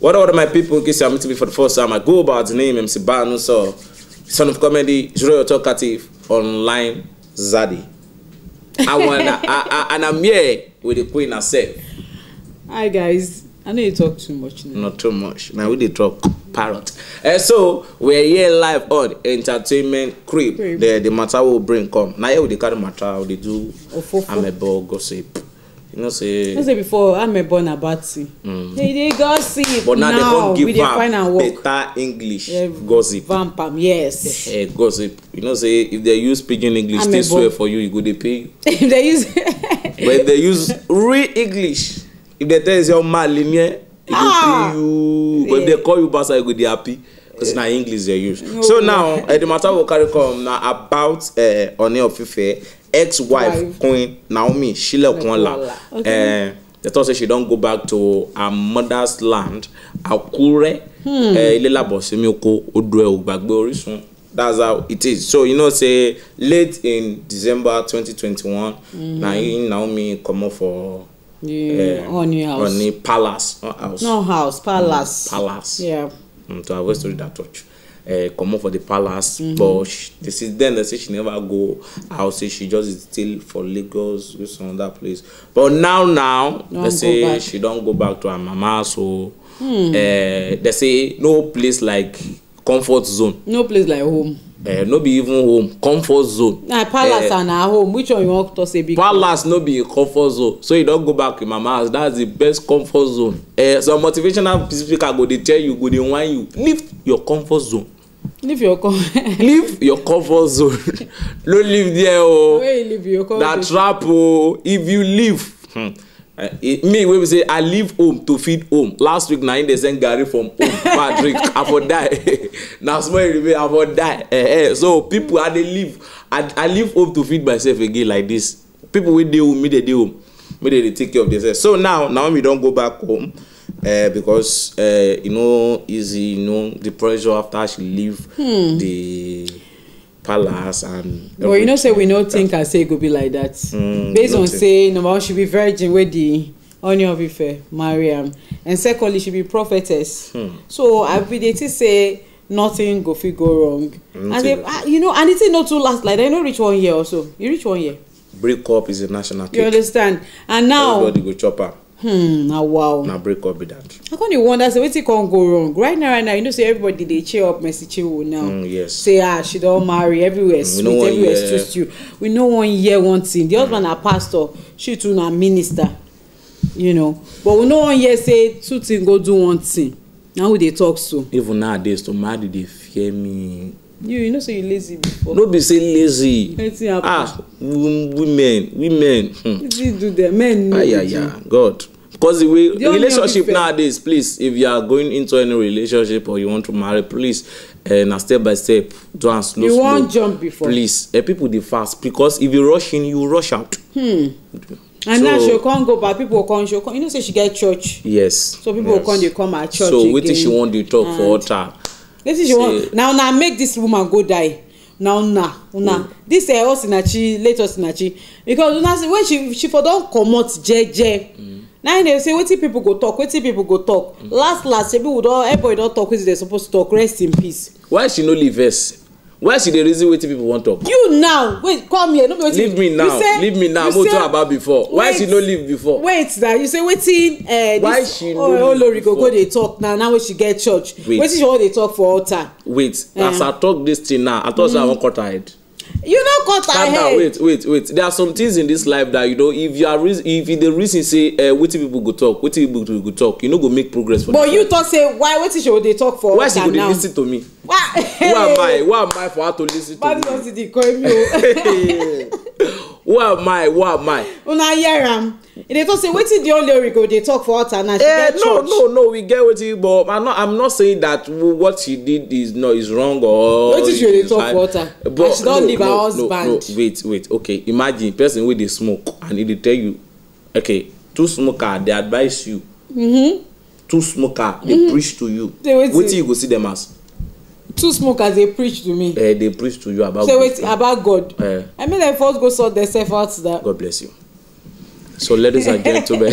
What are my people, in case you're meeting for the first time, I go by the name MC Banuso, son of comedy, Juro Talkative, online Zaddy. I wanna, I, I, and I'm here with the queen herself. Hi guys, I know you talk too much. Now. Not too much. Now we did talk parrot. And eh, so we're here live on entertainment creep. creep. The the matter will bring come. Now here we carry matter. We do. Amebo gossip. You know say. You say before Amebo na batty. Mm. They they gossip. But now, now they come give we vamp better English yeah, gossip. Vamp yes. Yeah, gossip. You know say if they use pidgin English, they swear for you. You go they pay. if they use. but if they use real English if they tell you say ọmọ àlè ni ẹ e go pay ah, you but if dem call you bastard you go dey happy because na english dem use no. so now uh, the matter we carry come na about uh, Ooni of ex-wife Queen Naomi Shilekunla eh, okay. uh, they talk say she don go back to her mother's land Akure ilelabosimioko hmm. uh, odoe ogbagbe orisun that's how it is so you know say late in December 2021 mm -hmm. na Naomi comot for. Yeah, eh, Honey House. Honey Palace. house. No house, Palace. Mm, palace. Yeah. Mm, so I always that touch, Uh, eh, come for the palace, mm-hmm. but she, this is then they say she never go out. Say she just still for Lagos or some other place. But now, now don't they say back. she don't go back to her mama. So mm. uh, they say no place like comfort zone. No place like home uh, no be even home comfort zone. na palace eh, and her home which one you wan talk say be. palace no be comfort zone so you don go back to mama house that's the best comfort zone uh, eh, some motivational speaker go dey tell you go dey whine you leave your comfort zone leave your com leave your comfort zone no live there o oh. where you live your comfort zone na trap o oh. if you leave. Hmm Eh, me wey be say i leave home to feed home last week na him dey send garri from home ma drink i for die na small e remain i for die eh, eh. so people i dey leave i i leave home to feed myself again like this people wey dey home me dey dey home me dey dey take care of themselves so now naomi don go back home uh, because uh, you know easy you know the pressure after she leave hmm. the palace and. but you know say we no think as say e go be like that. Mm, based on say number one she be virgin wey di onion of ife marry am and secondly she be prophetess. Hmm. so i bin dey think say nothing go fit go wrong. Mm, and they, ah, you know and the thing no too last like that e no reach one year or so e reach one year. break up is a national cake. you understand and now everybody go chop am hmm na wow na break up be that i con dey wonder say wetin con go wrong right now right now you know say everybody dey cheer up mercy chinwo now mm, yes. say ah she don marry everywhere mm, sweet everywhere year. you. we no wan hear one thing the husband mm. na pastor she too na minister you know but we no wan hear say two things go do one thing na who dey talk so. even nowadays to marry dey fear me you you know say you lazy before. no be say lazy ah women women. Hmm. you do them men no Ayaya, do. Yeah, god because the way the relationship nowadays please if you are going into any relationship or you want to marry please uh, na step by step do am slow you slow you wan jump before please uh, people dey fast because if you rush in you rush out. Hmm. and so, now she come go back people come she come you know say she get church. yes so people yes. come dey come her church so, again so wetin she wan dey talk for altar wetin she wan na una make dis woman go die na una una dis mm. osinachi eh, late osinachi because una see when she she for don comot jeje na im dey say wetin pipo go talk wetin pipo go talk mm. last last shebi we don everybody don talk wetin dem suppose talk rest in peace why she no leave us why she dey reason wetin people wan talk. you now wait come here no be wetin leave me now say, leave me now mo talk about before wait, why she no leave before. wait na you say wetin uh, why this oh, olori go go dey talk na now wey she get church wetin she wan dey talk for all wait uh as eh. i talk this thing now i talk say i wan cut her head you no cut her hair calm down wait wait wait there are some things in this life that you know if you are reason if you dey reason say uh, wetin people go talk wetin people go talk you no go make progress for but you talk say why wetin she go dey talk for why she go dey lis ten to me why who am i who am i for her to lis ten to me bad person dey call me o oh. who am i who am i una hear am e dey talk say wetin the only ori go dey talk for altar na she eh, get church. no no no we get wetin but i'm not i'm not saying that what she did is no is wrong or. wetin she dey talk for altar and she don leave her husband. no no wait wait okay imagine person wey dey smoke and e dey tell you okay two smokers, dey advise you. Mm -hmm. two smokers, dey mm -hmm. preach to you wetin you go see them as two smokers dey preach to me. Uh, preach to you about so god. say wait about god. Uh, i mean i first go sort theirself out that. god bless you so ladies and gentlemen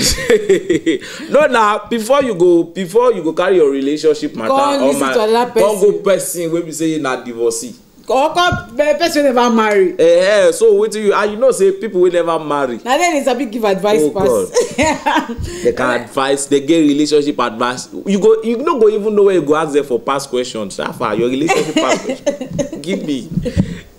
no na before you go before you go carry your relationship matter or my come go person wey be say na divorcee or come person wey never marry eh eh so wetin you and you know say people wey never marry na then they sabi give advice oh, pass God. they can advice. they get relationship advice you go you no go even know where you go ask them for past questions how far your relationship past question give me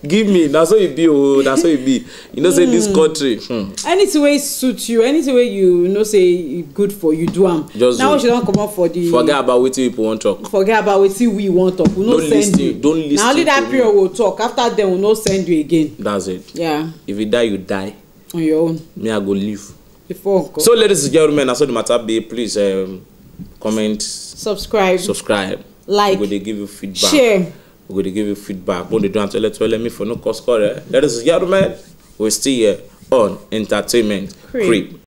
give me na so e be o na so e be you know say this hmm. country. Hmm. anything wey suit you anything wey you know say good for you do am now we she don comot for the. forget about wetin people wan talk. forget about wetin we wan talk we no send you don lis ten na only that period we talk after then we no send you again. that's it yeah. if you die you die. on your own. me i go live. before nko. so ladies and gentlemen na so the matter be please um, comment. subscribe subscribe like we go dey give you feedback. share. We're going to give you feedback. What they do, Antole let me for no cost score. That is yeah, man. We're still here on Entertainment Creep. Creep.